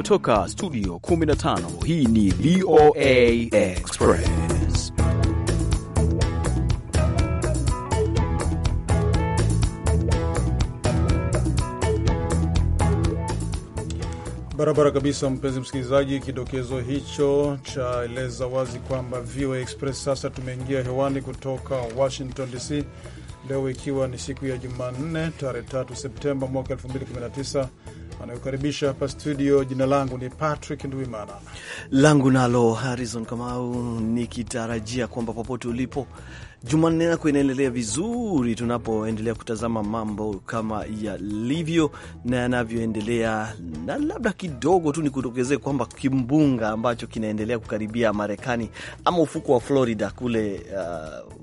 kutoka studio 15 hii ni VOA Express. Barabara kabisa, mpenzi msikilizaji. Kidokezo hicho chaeleza wazi kwamba VOA Express sasa tumeingia hewani kutoka Washington DC, leo ikiwa ni siku ya Jumanne tarehe 3 Septemba mwaka 2019 anayokaribisha hapa studio. Jina langu ni Patrick Ndwimana, langu nalo Harrison Kamau, nikitarajia kwamba popote ulipo Jumanne yako inaendelea vizuri, tunapoendelea kutazama mambo kama yalivyo na yanavyoendelea. Na labda kidogo tu nikutokezee kwamba kimbunga ambacho kinaendelea kukaribia Marekani ama ufuko wa Florida kule uh,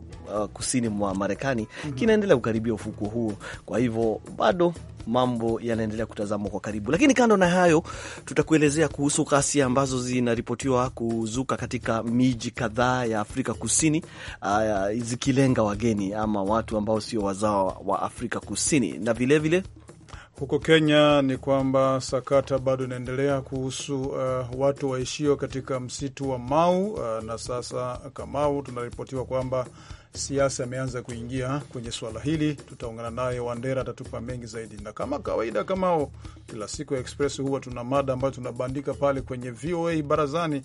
uh, kusini mwa Marekani mm -hmm. kinaendelea kukaribia ufuko huo, kwa hivyo bado mambo yanaendelea kutazamwa kwa karibu. Lakini kando na hayo, tutakuelezea kuhusu ghasia ambazo zinaripotiwa kuzuka katika miji kadhaa ya Afrika Kusini, uh, zikilenga wageni ama watu ambao sio wazawa wa Afrika Kusini na vilevile vile, huko Kenya ni kwamba sakata bado inaendelea kuhusu uh, watu waishio katika msitu wa Mau uh, na sasa Kamau tunaripotiwa kwamba siasa ameanza kuingia kwenye swala hili. Tutaungana naye, Wandera atatupa mengi zaidi, na kama kawaida, kamao kila siku ya Express huwa tuna mada ambayo tunabandika pale kwenye VOA Barazani.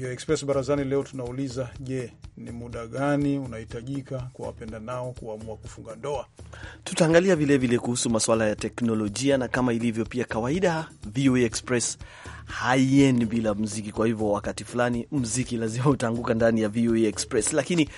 VOA Express Barazani leo tunauliza, je, ni muda gani unahitajika kwa wapenda nao kuamua kufunga ndoa? Tutaangalia vilevile kuhusu masuala ya teknolojia, na kama ilivyo pia kawaida, VOA Express haiendi bila mziki. Kwa hivyo wakati fulani mziki lazima utaanguka ndani ya VOA Express, lakini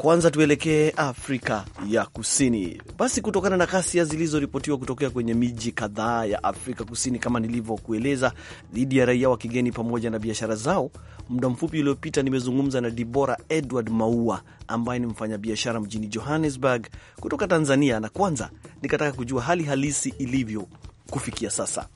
kwanza tuelekee Afrika ya Kusini basi, kutokana na ghasia zilizoripotiwa kutokea kwenye miji kadhaa ya Afrika Kusini kama nilivyokueleza, dhidi ya raia wa kigeni pamoja na biashara zao. Muda mfupi uliopita, nimezungumza na Dibora Edward Maua ambaye ni mfanyabiashara mjini Johannesburg kutoka Tanzania, na kwanza nikataka kujua hali halisi ilivyo kufikia sasa.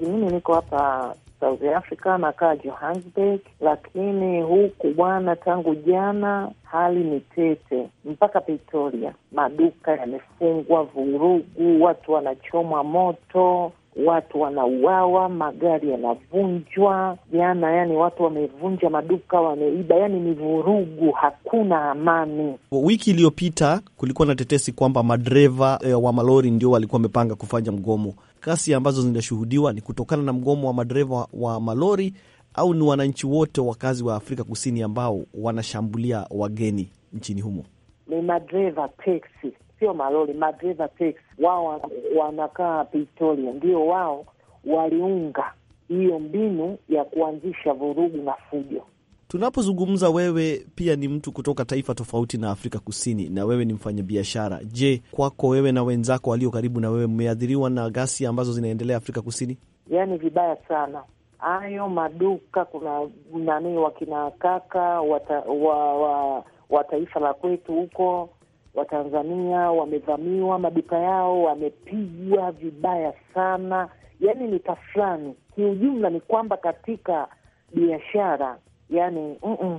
Mimi niko hapa South Africa, nakaa Johannesburg, lakini huku bwana, tangu jana hali ni tete, mpaka Pretoria maduka yamefungwa, vurugu, watu wanachomwa moto watu wanauawa, magari yanavunjwa. Jana yani watu wamevunja maduka, wameiba, yani ni vurugu, hakuna amani. Wiki iliyopita kulikuwa na tetesi kwamba madereva e, wa malori ndio walikuwa wamepanga kufanya mgomo. Kasi ambazo zinashuhudiwa ni kutokana na mgomo wa madereva wa malori au ni wananchi wote wakazi wa Afrika Kusini ambao wanashambulia wageni nchini humo? Ni madereva teksi, sio malori, madereva teksi. Wao wanakaa Pretoria, ndio wao waliunga hiyo mbinu ya kuanzisha vurugu na fujo. Tunapozungumza, wewe pia ni mtu kutoka taifa tofauti na Afrika Kusini, na wewe ni mfanyabiashara. Je, kwako wewe na wenzako walio karibu na wewe mmeathiriwa na ghasia ambazo zinaendelea Afrika Kusini? Yaani vibaya sana hayo maduka. Kuna nani, wakina kaka wata, wa, wa, wa taifa la kwetu huko Watanzania wamevamiwa maduka yao, wamepigwa vibaya sana. Yaani ni taflani Kiujumla ni kwamba katika biashara yani mm -mm,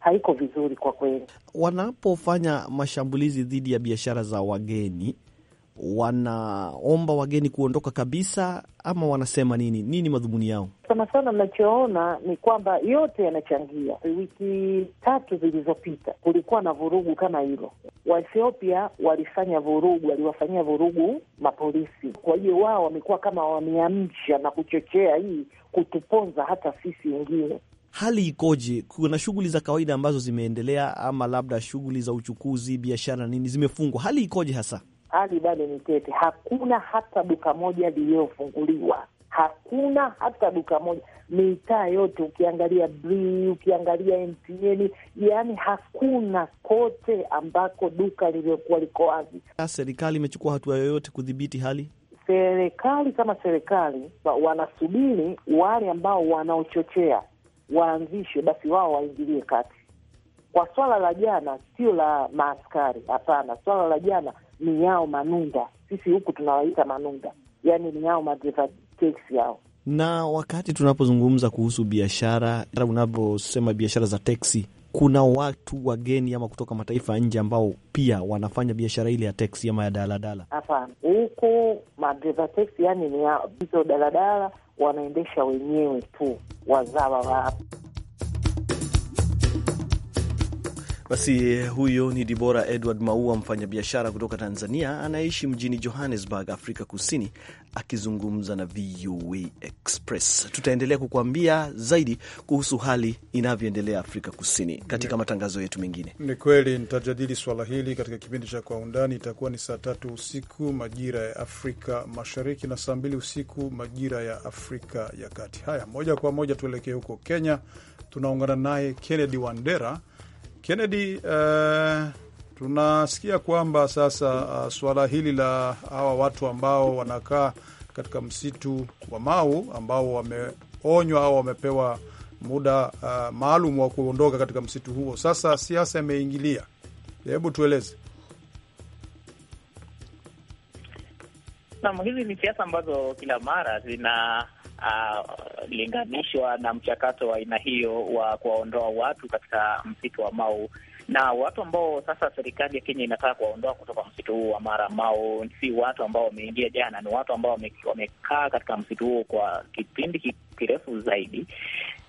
haiko vizuri kwa kweli. Wanapofanya mashambulizi dhidi ya biashara za wageni, wanaomba wageni kuondoka kabisa ama wanasema nini? Nini madhumuni yao? Sana sana mnachoona ni kwamba yote yanachangia. Wiki tatu zilizopita kulikuwa na vurugu kama hilo. Waethiopia walifanya vurugu, waliwafanyia vurugu mapolisi. Kwa hiyo wao wamekuwa kama wameamsha na kuchochea hii kutuponza hata sisi wengine hali ikoje? Kuna shughuli za kawaida ambazo zimeendelea, ama labda shughuli za uchukuzi, biashara, nini zimefungwa? Hali ikoje hasa? Hali bado ni tete, hakuna hata duka moja liliyofunguliwa, hakuna hata duka moja. Mitaa yote ukiangalia Brii, ukiangalia MTN, yaani hakuna kote ambako duka lilivyokuwa liko wazi. Serikali imechukua hatua yoyote kudhibiti hali? Serikali kama serikali wanasubiri wale ambao wanaochochea waanzishwe basi wao waingilie kati. Kwa swala la jana, sio la maaskari, hapana. Swala la jana ni yao manunda, sisi huku tunawaita manunda, yani ni yao madereva teksi yao. Na wakati tunapozungumza kuhusu biashara, unavyosema biashara za teksi kuna watu wageni ama kutoka mataifa ya nje ambao pia wanafanya biashara ile ya teksi ama ya daladala? Hapana, huku madriva teksi, yani ni hizo daladala wanaendesha wenyewe tu, wazawa wa Basi huyo ni Dibora Edward Maua, mfanyabiashara kutoka Tanzania anayeishi mjini Johannesburg, Afrika Kusini, akizungumza na VOA e Express. Tutaendelea kukuambia zaidi kuhusu hali inavyoendelea Afrika Kusini katika matangazo yetu mengine. Ni kweli nitajadili swala hili katika kipindi cha Kwa Undani. Itakuwa ni saa tatu usiku majira ya Afrika Mashariki na saa mbili usiku majira ya Afrika ya Kati. Haya, moja kwa moja tuelekee huko Kenya, tunaungana naye Kennedy Wandera. Kennedy, uh tunasikia kwamba sasa uh, suala hili la hawa watu ambao wanakaa katika msitu wa Mau ambao wameonywa au wamepewa muda uh, maalum wa kuondoka katika msitu huo, sasa siasa imeingilia. Hebu tueleze. Naam, hizi ni siasa ambazo kila mara zinalinganishwa Uh, na mchakato wa aina hiyo wa kuwaondoa watu katika msitu wa Mau na watu ambao sasa serikali ya Kenya inataka kuwaondoa kutoka msitu huu wa Mara Mau si watu ambao wameingia jana, ni watu ambao wamekaa katika msitu huo kwa kipindi kirefu zaidi,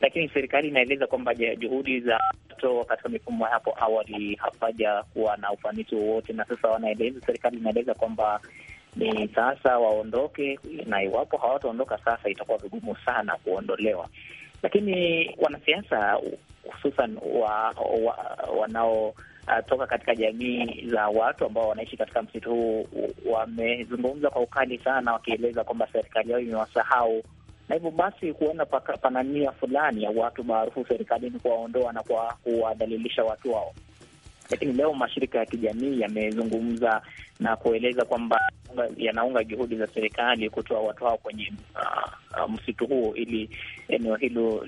lakini serikali inaeleza kwamba juhudi za kutoa katika mifumo hapo awali hapaja kuwa na ufanisi wowote, na sasa wanaeleza, serikali inaeleza kwamba ni sasa waondoke, na iwapo hawataondoka sasa itakuwa vigumu sana kuondolewa. Lakini wanasiasa hususan wa, wa, wanaotoka uh, katika jamii za watu ambao wanaishi katika msitu huu wamezungumza kwa ukali sana, wakieleza kwamba serikali yao imewasahau na hivyo basi kuona pana nia fulani ya watu maarufu serikalini kuwaondoa na kuwadhalilisha watu wao. Lakini leo mashirika ya kijamii yamezungumza na kueleza kwamba yanaunga juhudi za serikali kutoa watu hao kwenye uh, uh, msitu huo ili eneo hilo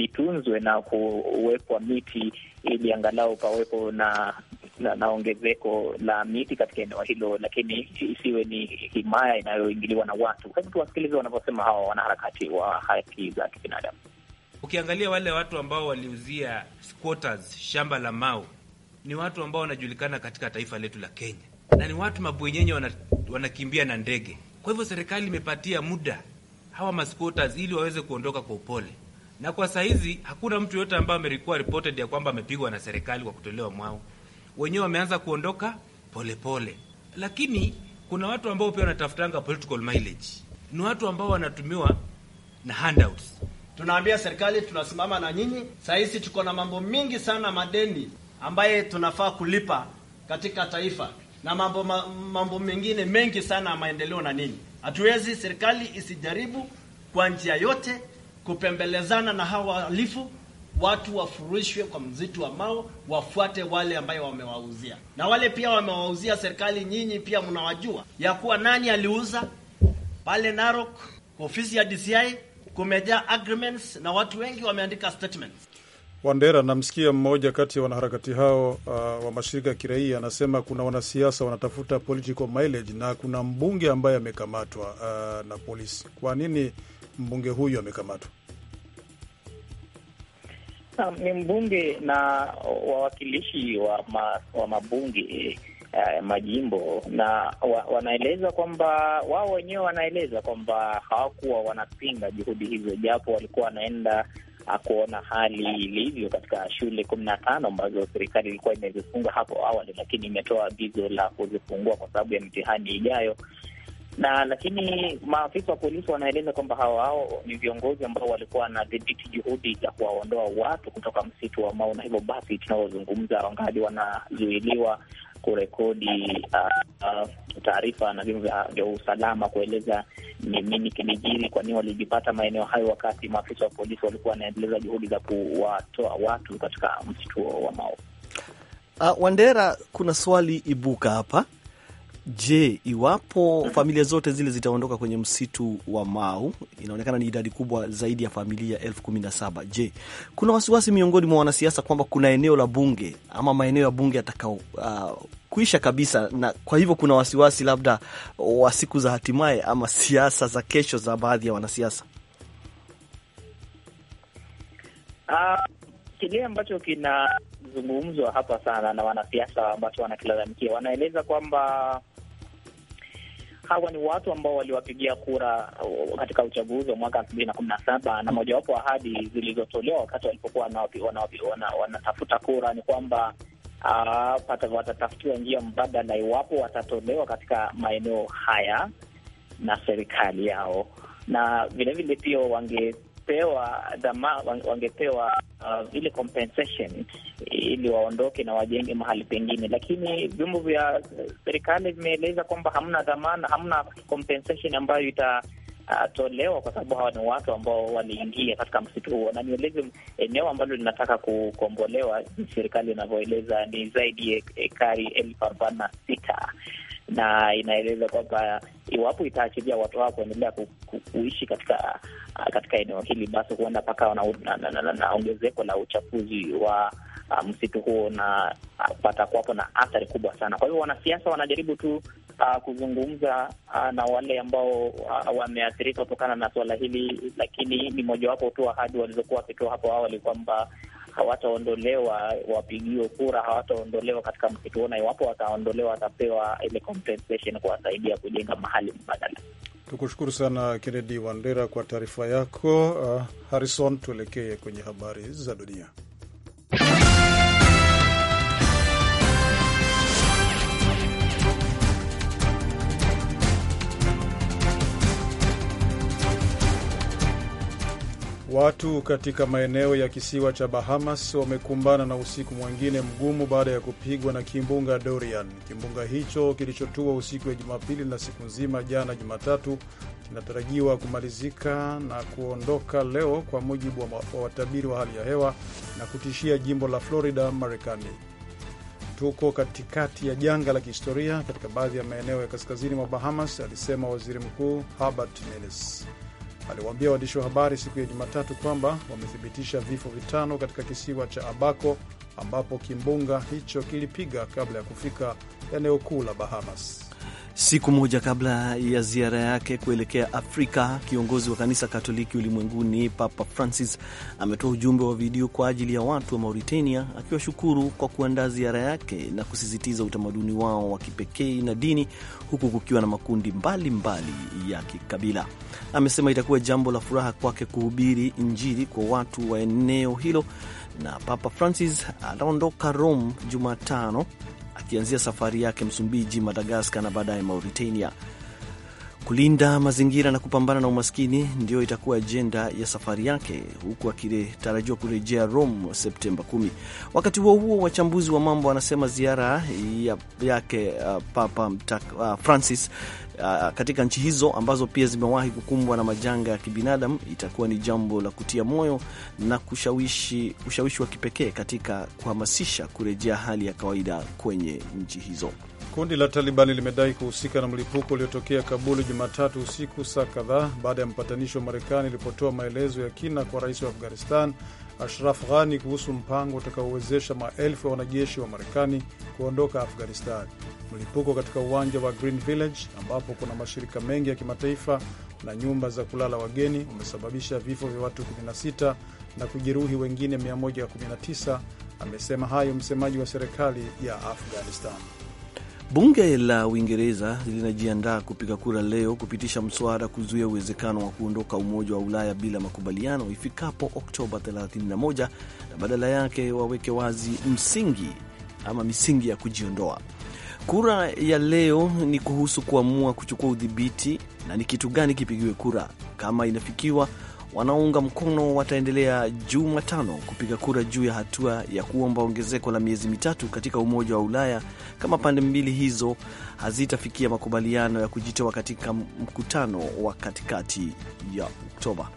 litunzwe na kuwekwa miti ili angalau pawepo na na, na ongezeko la miti katika eneo hilo, lakini isiwe ni himaya inayoingiliwa na watu. Hebu tuwasikilize wanavyosema hawa wanaharakati wa haki za kibinadamu. Ukiangalia wale watu ambao waliuzia squatters shamba la Mau ni watu ambao wanajulikana katika taifa letu la Kenya, na ni watu mabwenyenye wanakimbia na ndege. Kwa hivyo serikali imepatia muda hawa masquatters ili waweze kuondoka kwa upole, na kwa saizi hakuna mtu yoyote ambaye amelikuwa reported ya kwamba amepigwa na serikali kwa kutolewa mwao. Wenyewe wameanza kuondoka polepole pole. Lakini kuna watu ambao pia wanatafutanga political mileage, ni watu ambao wanatumiwa na handouts tunaambia serikali tunasimama na nyinyi. Sahizi tuko na mambo mingi sana madeni ambaye tunafaa kulipa katika taifa na mambo ma, mambo mengine mengi sana ya maendeleo na nini. Hatuwezi serikali isijaribu kwa njia yote kupembelezana na hawa wahalifu, watu wafurishwe kwa mzitu wa mao, wafuate wale ambayo wamewauzia, na wale pia wamewauzia serikali. Nyinyi pia mnawajua ya kuwa nani aliuza pale Narok ofisi ya DCI kumejaa agreements na watu wengi wameandika statements. Wandera, namsikia mmoja kati ya wanaharakati hao uh, wa mashirika ya kiraia anasema kuna wanasiasa wanatafuta political mileage na kuna mbunge ambaye amekamatwa uh, na polisi. Kwa nini mbunge huyu amekamatwa? Ni mbunge na wawakilishi wa, ma, wa mabunge uh, majimbo na wa, wanaeleza kwamba wao wenyewe wanaeleza kwamba hawakuwa wanapinga juhudi hizo, japo walikuwa wanaenda ah, kuona hali ilivyo katika shule kumi na tano ambazo serikali ilikuwa imezifunga hapo awali, lakini imetoa agizo la kuzifungua kwa sababu ya mitihani ijayo na lakini maafisa wa polisi wanaeleza kwamba hawa hao ni viongozi ambao walikuwa wanadhibiti juhudi za kuwaondoa watu kutoka msitu wa Mau, na hivyo basi tunaozungumza wangali wanazuiliwa kurekodi uh, uh, taarifa na vyombo vya usalama kueleza ni nini kilijiri, kwa nini walijipata maeneo hayo, wakati maafisa wa polisi walikuwa wanaendeleza juhudi za kuwatoa watu katika msitu wa Mao. Uh, ah, Wandera, kuna swali ibuka hapa Je, iwapo familia zote zile zitaondoka kwenye msitu wa Mau, inaonekana ni idadi kubwa zaidi ya familia elfu kumi na saba. Je, kuna wasiwasi miongoni mwa wanasiasa kwamba kuna eneo la bunge ama maeneo ya bunge yatakao uh, kuisha kabisa, na kwa hivyo kuna wasiwasi labda wa siku za hatimaye ama siasa za kesho za baadhi ya wanasiasa? Uh, kile ambacho kinazungumzwa hapa sana na wanasiasa ambacho wanakilalamikia, wanaeleza kwamba hawa ni watu ambao waliwapigia kura uh, katika uchaguzi wa mwaka elfu mbili na kumi na saba na mojawapo ahadi zilizotolewa wakati walipokuwa wanatafuta kura ni kwamba uh, watatafutiwa njia mbadala iwapo watatolewa katika maeneo haya na serikali yao na vilevile pia wange wangepewa dhama, wangepewa uh, ile compensation ili waondoke na wajenge mahali pengine, lakini vyombo vya serikali vimeeleza kwamba hamna dhamana, hamna compensation ambayo ita uh, tolewa kwa sababu hawa ni watu ambao waliingia katika msitu huo, na nieleze eneo ambalo linataka kukombolewa, serikali inavyoeleza ni zaidi ya ekari elfu arobaini na sita na inaeleza kwamba iwapo itaachilia watu hao kuendelea ku, ku, kuishi katika uh, katika eneo hili, basi huenda pakawa na, na, na, na, na, na ongezeko la uchafuzi wa uh, msitu huo na uh, patakuwapo na athari kubwa sana. Kwa hivyo wanasiasa wanajaribu tu uh, kuzungumza uh, na wale ambao uh, wameathirika kutokana na suala hili, lakini ni mojawapo tu ahadi walizokuwa wakitoa hapo awali kwamba hawataondolewa, wapigiwe kura hawataondolewa katika mkituona, iwapo wataondolewa watapewa ile compensation kuwasaidia kujenga mahali mbadala. Tukushukuru sana Kennedy Wandera kwa taarifa yako. Uh, Harrison, tuelekee kwenye habari za dunia. Watu katika maeneo ya kisiwa cha Bahamas wamekumbana na usiku mwingine mgumu baada ya kupigwa na kimbunga Dorian. Kimbunga hicho kilichotua usiku wa Jumapili na siku nzima jana Jumatatu kinatarajiwa kumalizika na kuondoka leo, kwa mujibu wa watabiri wa hali ya hewa, na kutishia jimbo la Florida, Marekani. Tuko katikati ya janga la kihistoria katika baadhi ya maeneo ya kaskazini mwa Bahamas, alisema waziri mkuu Hubert Minnis aliwaambia waandishi wa habari siku ya Jumatatu kwamba wamethibitisha vifo vitano katika kisiwa cha Abaco ambapo kimbunga hicho kilipiga kabla ya kufika eneo kuu la Bahamas. Siku moja kabla ya ziara yake kuelekea Afrika, kiongozi wa kanisa Katoliki ulimwenguni Papa Francis ametoa ujumbe wa video kwa ajili ya watu wa Mauritania, akiwashukuru kwa kuandaa ziara yake na kusisitiza utamaduni wao wa kipekee na dini, huku kukiwa na makundi mbalimbali mbali ya kikabila. Amesema itakuwa jambo la furaha kwake kuhubiri Injili kwa watu wa eneo hilo, na Papa Francis ataondoka Rome Jumatano akianzia safari yake Msumbiji, Madagaskar na baadaye Mauritania. Kulinda mazingira na kupambana na umaskini ndiyo itakuwa ajenda ya safari yake, huku akitarajiwa kurejea Rome Septemba 10. Wakati huo huo, wachambuzi wa mambo wanasema ziara ya yake uh, Papa uh, Francis uh, katika nchi hizo ambazo pia zimewahi kukumbwa na majanga ya kibinadamu itakuwa ni jambo la kutia moyo na kushawishi, ushawishi wa kipekee katika kuhamasisha kurejea hali ya kawaida kwenye nchi hizo. Kundi la Talibani limedai kuhusika na mlipuko uliotokea Kabuli Jumatatu usiku, saa kadhaa baada ya mpatanishi wa Marekani ilipotoa maelezo ya kina kwa rais wa Afghanistan Ashraf Ghani kuhusu mpango utakaowezesha maelfu ya wanajeshi wa Marekani kuondoka Afghanistan. Mlipuko katika uwanja wa Green Village ambapo kuna mashirika mengi ya kimataifa na nyumba za kulala wageni umesababisha vifo vya watu 16 na kujeruhi wengine 119, amesema hayo msemaji wa serikali ya Afghanistan. Bunge la Uingereza linajiandaa kupiga kura leo kupitisha mswada kuzuia uwezekano wa kuondoka Umoja wa Ulaya bila makubaliano ifikapo Oktoba 31 na badala yake waweke wazi msingi ama misingi ya kujiondoa. Kura ya leo ni kuhusu kuamua kuchukua udhibiti na ni kitu gani kipigiwe kura. Kama inafikiwa, wanaounga mkono wataendelea Jumatano kupiga kura juu ya hatua ya kuomba ongezeko la miezi mitatu katika Umoja wa Ulaya kama pande mbili hizo hazitafikia makubaliano ya kujitoa katika mkutano wa katikati ya Oktoba.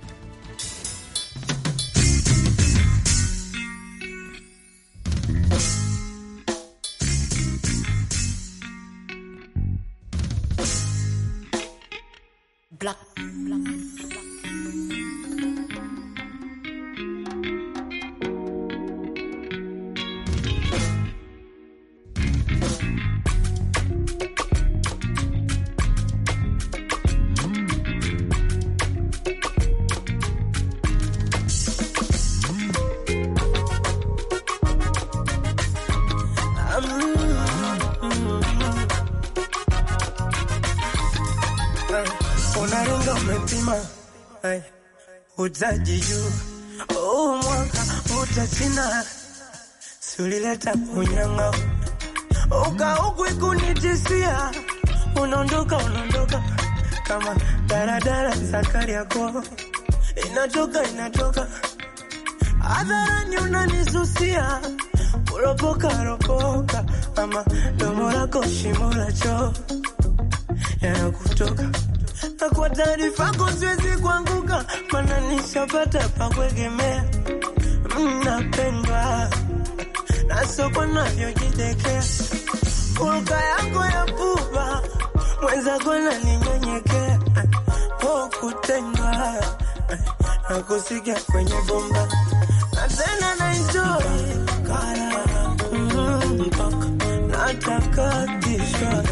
utajijuu oh, mwaka utasina sulileta unyanga ukaukuikunitisia unaondoka unaondoka kama daradara sakari yako inatoka inatoka hadharani unanisusia kuropoka ropoka ama domo lako shimo la choo yanakutoka na kwa taarifako siwezi kuanguka, mana nishapata pakwegemea. Mnapendwa mm, na soko navyojitekea, hulka yako ya pupa mwenzako kutendwa na kusikia kwenye bomba na tena naenjoy mpaka mm, natakatishwa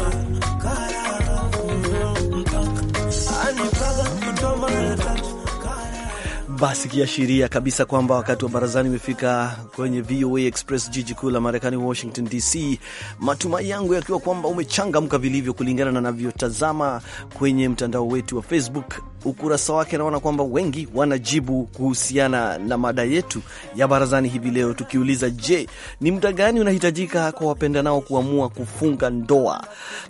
Basi kiashiria kabisa kwamba wakati wa barazani umefika kwenye VOA Express, jiji kuu la Marekani, Washington DC. Matumai yangu yakiwa kwamba umechangamka vilivyo, kulingana na navyotazama kwenye mtandao wetu wa Facebook ukurasa wake naona kwamba wengi wanajibu kuhusiana na mada yetu ya barazani hivi leo, tukiuliza je, ni muda gani unahitajika kwa wapenda nao kuamua kufunga ndoa?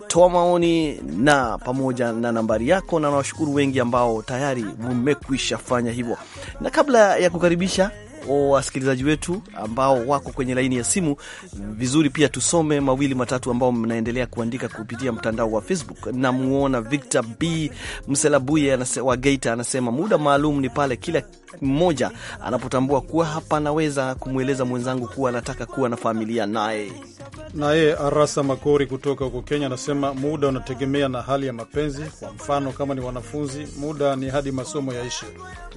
Toa maoni na pamoja na nambari yako, na nawashukuru wengi ambao tayari mmekwisha fanya hivyo. Na kabla ya kukaribisha wasikilizaji wetu ambao wako kwenye laini ya simu vizuri. Pia tusome mawili matatu ambao mnaendelea kuandika kupitia mtandao wa Facebook. Namuona Victor B Mselabuye wa Geita anasema muda maalum ni pale kila mmoja anapotambua kuwa hapa anaweza kumweleza mwenzangu kuwa anataka kuwa na familia naye. Naye Arasa Makori kutoka huko Kenya anasema muda unategemea na hali ya mapenzi. Kwa mfano, kama ni wanafunzi, muda ni hadi masomo yaishe,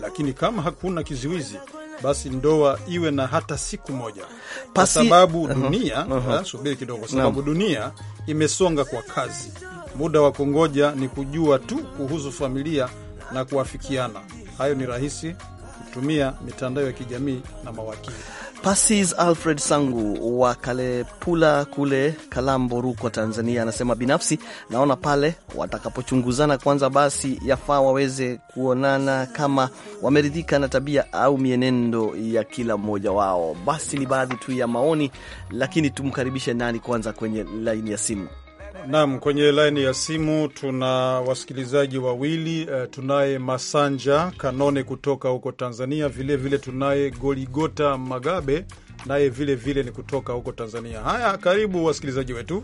lakini kama hakuna kizuizi basi ndoa iwe na hata siku moja kwa sababu dunia uh eh, -huh. Subiri kidogo, sababu dunia imesonga kwa kazi. Muda wa kungoja ni kujua tu kuhusu familia na kuafikiana. Hayo ni rahisi kutumia mitandao ya kijamii na mawakili. Pasis Alfred Sangu wa Kalepula kule Kalambo, Rukwa, Tanzania, anasema binafsi naona pale watakapochunguzana kwanza, basi yafaa waweze kuonana kama wameridhika na tabia au mienendo ya kila mmoja wao. Basi ni baadhi tu ya maoni, lakini tumkaribishe nani kwanza kwenye laini ya simu? Naam, kwenye laini ya simu tuna wasikilizaji wawili. Uh, tunaye Masanja Kanone kutoka huko Tanzania, vilevile tunaye Goligota Magabe naye vilevile ni kutoka huko Tanzania. Haya, karibu wasikilizaji wetu.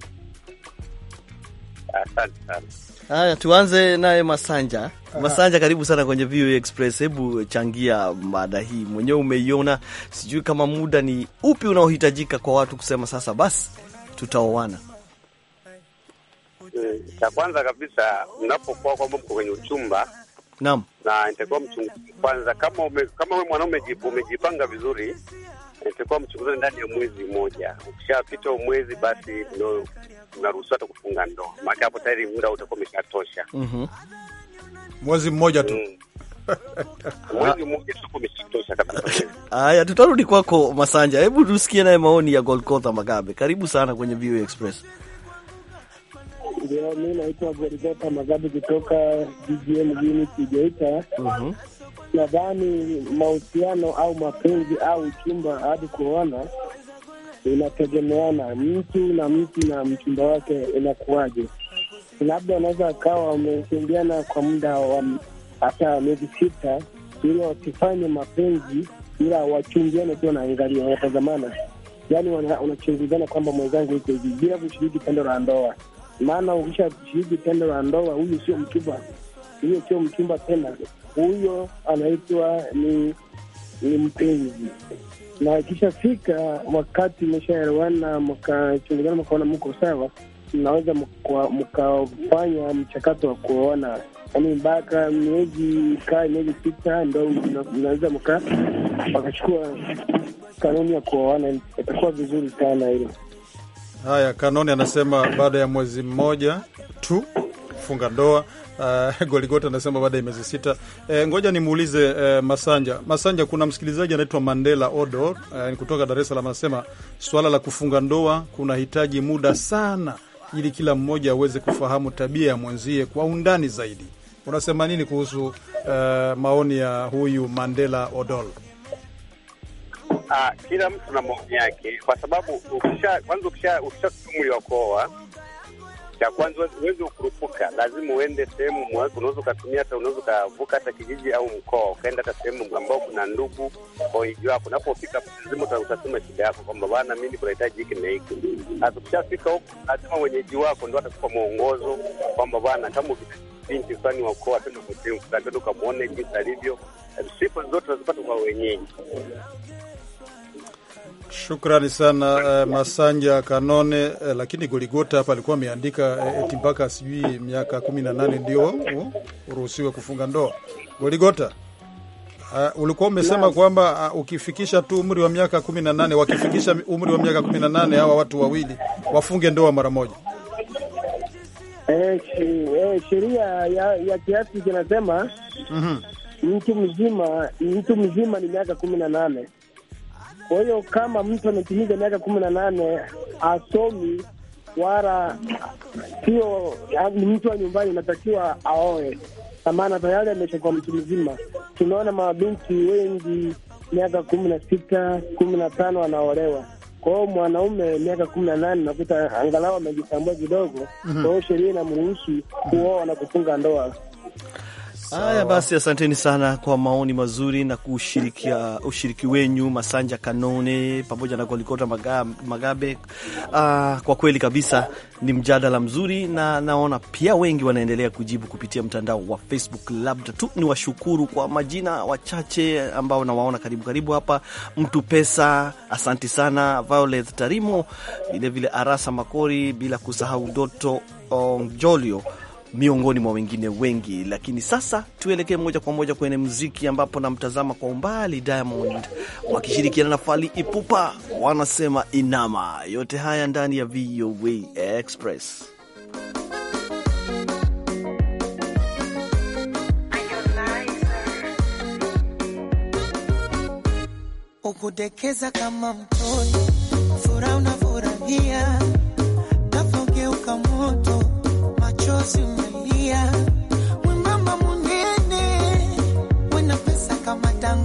Haya, tuanze naye Masanja. Masanja, karibu sana kwenye VOA Express. Hebu changia mada hii, mwenyewe umeiona, sijui kama muda ni upi unaohitajika kwa watu kusema sasa basi tutaoana. Eh, cha kwanza kabisa unapokuwa kwamba mko kwenye uchumba naam, na itakuwa mchunguzi kwanza, kama ume, kama wewe mwanaume umejipanga vizuri, itakuwa mchunguzi ndani ya mwezi mmoja. Ukishapita mwezi, basi ndio unaruhusiwa hata kufunga ndoa, maana hapo tayari muda utakuwa umeshatosha. Mhm, mwezi mmoja tu mm. Haya, tutarudi kwako Masanja. Hebu tusikie naye maoni ya Golgotha Magabe. Karibu sana kwenye VOA Express. Ndio, mi naitwa Gorigota Magabi kutoka jiji mjini mhm. Nadhani mahusiano au mapenzi au chumba hadi kuona inategemeana, mtu na mtu na mchumba wake inakuwaje. Labda anaweza akawa wamesengiana kwa muda wa hata miezi sita, ili wasifanye mapenzi, ila wachungiane tu, wanaangalia, wanatazamana, yaani unachunguzana kwamba mwenzangu iko hivi, bila kushiriki tendo la ndoa maana ukishashiriki tendo la ndoa, huyu sio mchumba, huyo sio mchumba tena, huyo anaitwa ni ni mpenzi. Na ikishafika wakati meshaelewana, mkachunguzana, mkaona mko sawa, mnaweza mkafanya mchakato wa kuoana yaani mpaka miezi kaa miezi sita ndo mnaweza mka wakachukua kanuni ya kuoana. Itakuwa vizuri sana hilo. Haya, Kanoni anasema baada ya mwezi mmoja tu kufunga ndoa. Uh, Goligota anasema baada ya miezi sita. E, ngoja nimuulize e, Masanja. Masanja, kuna msikilizaji anaitwa Mandela Odo e, kutoka Dar es Salaam anasema swala la kufunga ndoa kunahitaji muda sana ili kila mmoja aweze kufahamu tabia ya mwenzie kwa undani zaidi. Unasema nini kuhusu uh, maoni ya huyu Mandela Odol? Aa, ah, kila mtu na maoni yake, kwa sababu ukisha kwanza ukisha ukishatumiwa kuoa cha kwanza uweze ukurupuka, lazima uende sehemu mwako. Unaweza ukatumia hata unaweza ukavuka hata kijiji au mkoa ukaenda hata sehemu ambao kuna ndugu kwa wenyeji wako. Unapofika lazima utasema shida yako kwamba bwana, mimi kunahitaji hiki na hiki. Sasa ukishafika huko, lazima wenyeji wako ndio watakupa mwongozo kwamba bwana, kama binti fulani wa ukoo atende kutemfuka, atende ukamwone jinsi alivyo. Sifa zote unazipata kwa wenyeji. Shukrani sana eh, Masanja Kanone eh, lakini Goligota hapa alikuwa ameandika eh, eti mpaka sijui miaka kumi na nane ndio uh, uruhusiwe kufunga ndoa. Goligota, uh, ulikuwa umesema kwamba uh, ukifikisha tu umri wa miaka kumi na nane wakifikisha umri wa miaka kumi na nane hawa watu wawili wafunge ndoa mara moja. Eh, eh sheria ya, ya kinasema mm -hmm. mtu mzima mtu mzima ni miaka kumi na nane kwa hiyo kama mtu ametimiza miaka kumi na nane asomi wala sio yaani ni mtu wa nyumbani, inatakiwa aoe, na maana tayari ameshakuwa mtu mzima. Tunaona mabinti wengi miaka kumi na sita kumi na tano anaolewa Kwa hiyo mwanaume miaka kumi na nane nakuta angalau amejitambua kidogo. Mhm. Kwa hiyo sheria inamruhusu kuoa na kufunga ndoa. Haya basi, asanteni sana kwa maoni mazuri na kushirikia uh, ushiriki wenyu, Masanja Kanone pamoja na Kolikota Magabe. Uh, kwa kweli kabisa ni mjadala mzuri, na naona pia wengi wanaendelea kujibu kupitia mtandao wa Facebook. Labda tu ni washukuru kwa majina wachache ambao nawaona karibu karibu hapa, mtu pesa, asanti sana Violet Tarimo, vilevile Arasa Makori, bila kusahau Doto Njolio, um, miongoni mwa wengine wengi. Lakini sasa tuelekee moja kwa moja kwenye muziki, ambapo namtazama kwa umbali Diamond wakishirikiana na fali Ipupa, wanasema inama. Yote haya ndani ya VOA Express. Ukudekeza kama mtoto, furaha unafurahia, simulia mwembamba munene wena pesa kama tango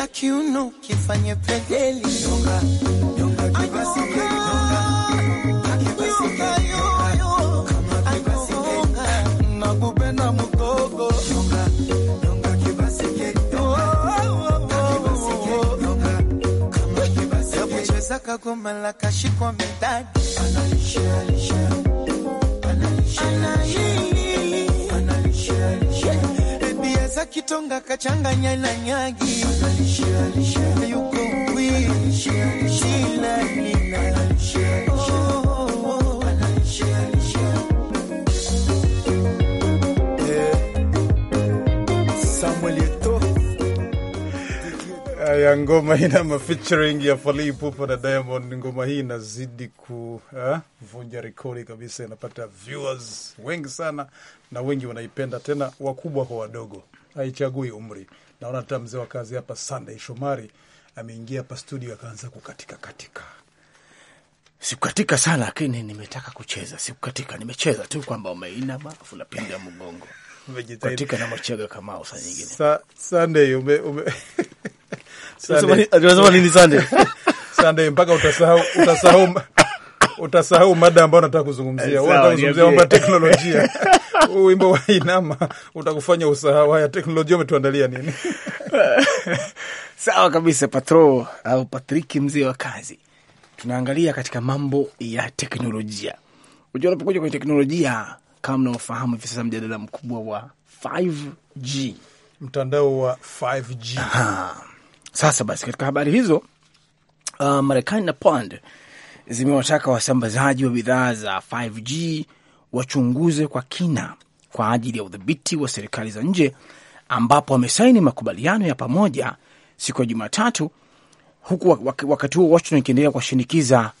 Akiuno kifanye pedeli Kagoma la kashikwa kitonga kachanganya na nyagi analisha, alisha ya ngoma ina mafeaturing ya Fally Ipupa na Diamond. Ngoma hii inazidi kuvunja rekodi kabisa, inapata viewers wengi sana na wengi wanaipenda, tena wakubwa kwa wadogo, haichagui umri. Naona hata mzee wa kazi hapa Sunday Shomari ameingia hapa studio akaanza kukatika katika. Sikukatika sana, lakini nimetaka kucheza. Sikukatika, nimecheza tu kwamba umeinama afu napinda mgongo katika na machega kamao. Saa nyingine sa, Sunday ume, ume... Tunasema nini Sunday? Sunday mpaka utasahau utasahau utasahau mada ambayo nataka kuzungumzia. Unataka kuzungumzia mambo ya teknolojia wimbo wa inama utakufanya usahau. Haya, teknolojia umetuandalia nini? Sawa kabisa, Patro au Patriki, mzee wa kazi. Tunaangalia katika mambo ya teknolojia. Unajua, unapokuja kwenye teknolojia, kama mnaofahamu hivi sasa, mjadala mkubwa wa 5G, mtandao wa 5G. Aha. Sasa basi, katika habari hizo uh, Marekani na Poland zimewataka wasambazaji wa bidhaa za 5G wachunguze kwa kina kwa ajili ya udhibiti wa serikali za nje, ambapo wamesaini makubaliano ya pamoja siku ya Jumatatu, huku wakati huo Washington ikiendelea kuwashinikiza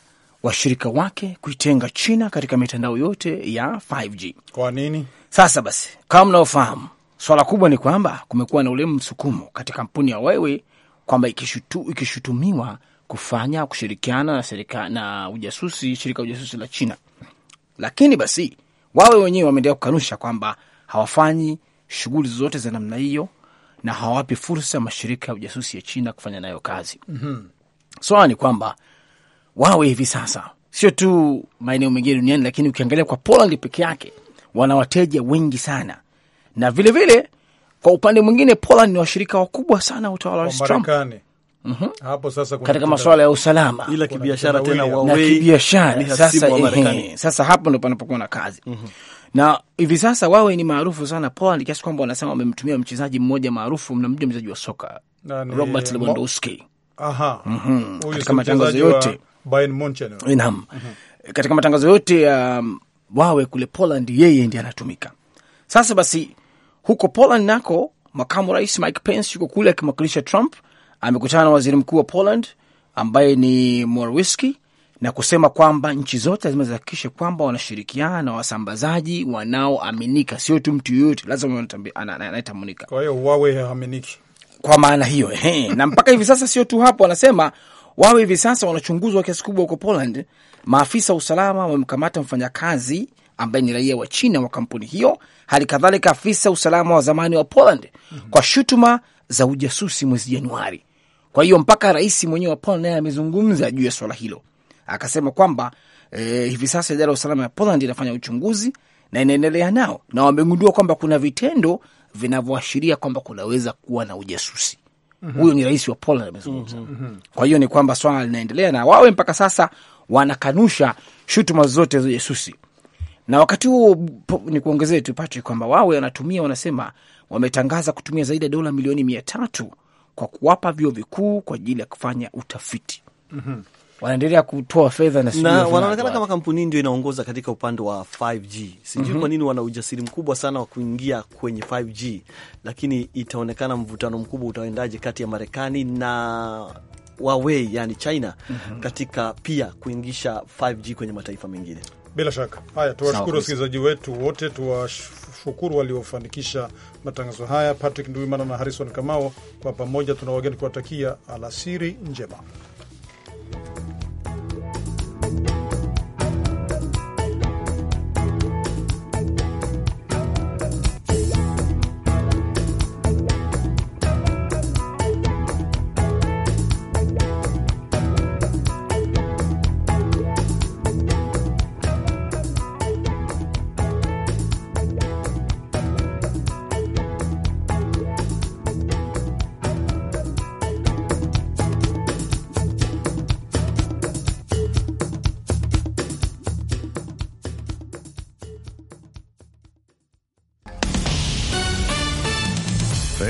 washirika wake kuitenga China katika mitandao yote ya 5G. Kwa nini? Sasa basi, kama mnaofahamu, swala kubwa ni kwamba kumekuwa na ule msukumo katika kampuni ya Huawei kwamba ikishutu, ikishutumiwa kufanya kushirikiana na, serika, na ujasusi shirika ujasusi la China lakini basi wawe wenyewe wameendelea kukanusha kwamba hawafanyi shughuli zozote za namna hiyo na hawawapi fursa mashirika ya ujasusi ya China kufanya nayo kazi. mm -hmm. Swala ni kwamba wawe hivi sasa, sio tu maeneo mengine duniani, lakini ukiangalia kwa Poland peke yake wana wateja wengi sana, na vilevile vile, kwa upande mwingine Poland ni washirika wakubwa sana utawala wa Trump Marekani. Mm -hmm. Hapo sasa kuna katika masuala ya usalama ila kibiashara tena na kibiashara sasa, ehe, sasa hapo ndio panapokuwa na kazi mm -hmm. Na hivi sasa wawe ni maarufu sana Poland kiasi kwamba wanasema wamemtumia mchezaji mmoja maarufu, mnamjua mchezaji wa soka Nani, Robert Lewandowski aha, mm -hmm. katika matangazo yote Bayern Munich. naam, mm -hmm. katika matangazo yote ya um, wawe kule Poland, yeye ndiye anatumika sasa. Basi huko Poland nako makamu rais Mike Pence yuko kule akimwakilisha Trump mm amekutana na waziri mkuu wa Poland ambaye ni Morawiecki na kusema kwamba nchi zote lazima zihakikishe kwamba wanashirikiana na wasambazaji wanaoaminika, sio tu mtu yoyote, lazima anayetambulika. Kwa hiyo wawe haaminiki kwa maana hiyo na mpaka hivi sasa sio tu hapo, wanasema wawe hivi sasa wanachunguzwa kiasi kubwa huko Poland. Maafisa wa usalama wamemkamata mfanyakazi ambaye ni raia wa China wa kampuni hiyo, hali kadhalika afisa usalama wa zamani wa Poland kwa shutuma za ujasusi mwezi Januari. Kwa hiyo mpaka rais mwenyewe wa Poland naye amezungumza juu ya swala hilo, akasema kwamba e, hivi sasa idara ya usalama ya Poland inafanya uchunguzi na inaendelea nao, na wamegundua kwamba kuna vitendo vinavyoashiria kwamba kunaweza kuwa na ujasusi. mm huyo -hmm. Ni rais wa Poland amezungumza. mm -hmm. Kwa hiyo ni kwamba swala linaendelea, na wawe mpaka sasa wanakanusha shutuma zote za ujasusi na wakati huo ni kuongezee tu Patrick, kwamba wawe wanatumia wanasema wametangaza kutumia zaidi ya dola milioni mia tatu kwa kuwapa vyuo vikuu kwa ajili ya kufanya utafiti mm -hmm. Wanaendelea kutoa fedha na, na wanaonekana kama kampuni ndio inaongoza katika upande wa 5G. Sijui mm -hmm. kwa nini wana ujasiri mkubwa sana wa kuingia kwenye 5G, lakini itaonekana mvutano mkubwa utaendaje kati ya Marekani na Huawei yani China mm -hmm. katika pia kuingisha 5G kwenye mataifa mengine. Bila shaka haya, tuwashukuru wasikilizaji wetu wote, tuwashukuru waliofanikisha matangazo haya, Patrick Nduimana na Harrison Kamao. Kwa pamoja tuna wageni kuwatakia alasiri njema.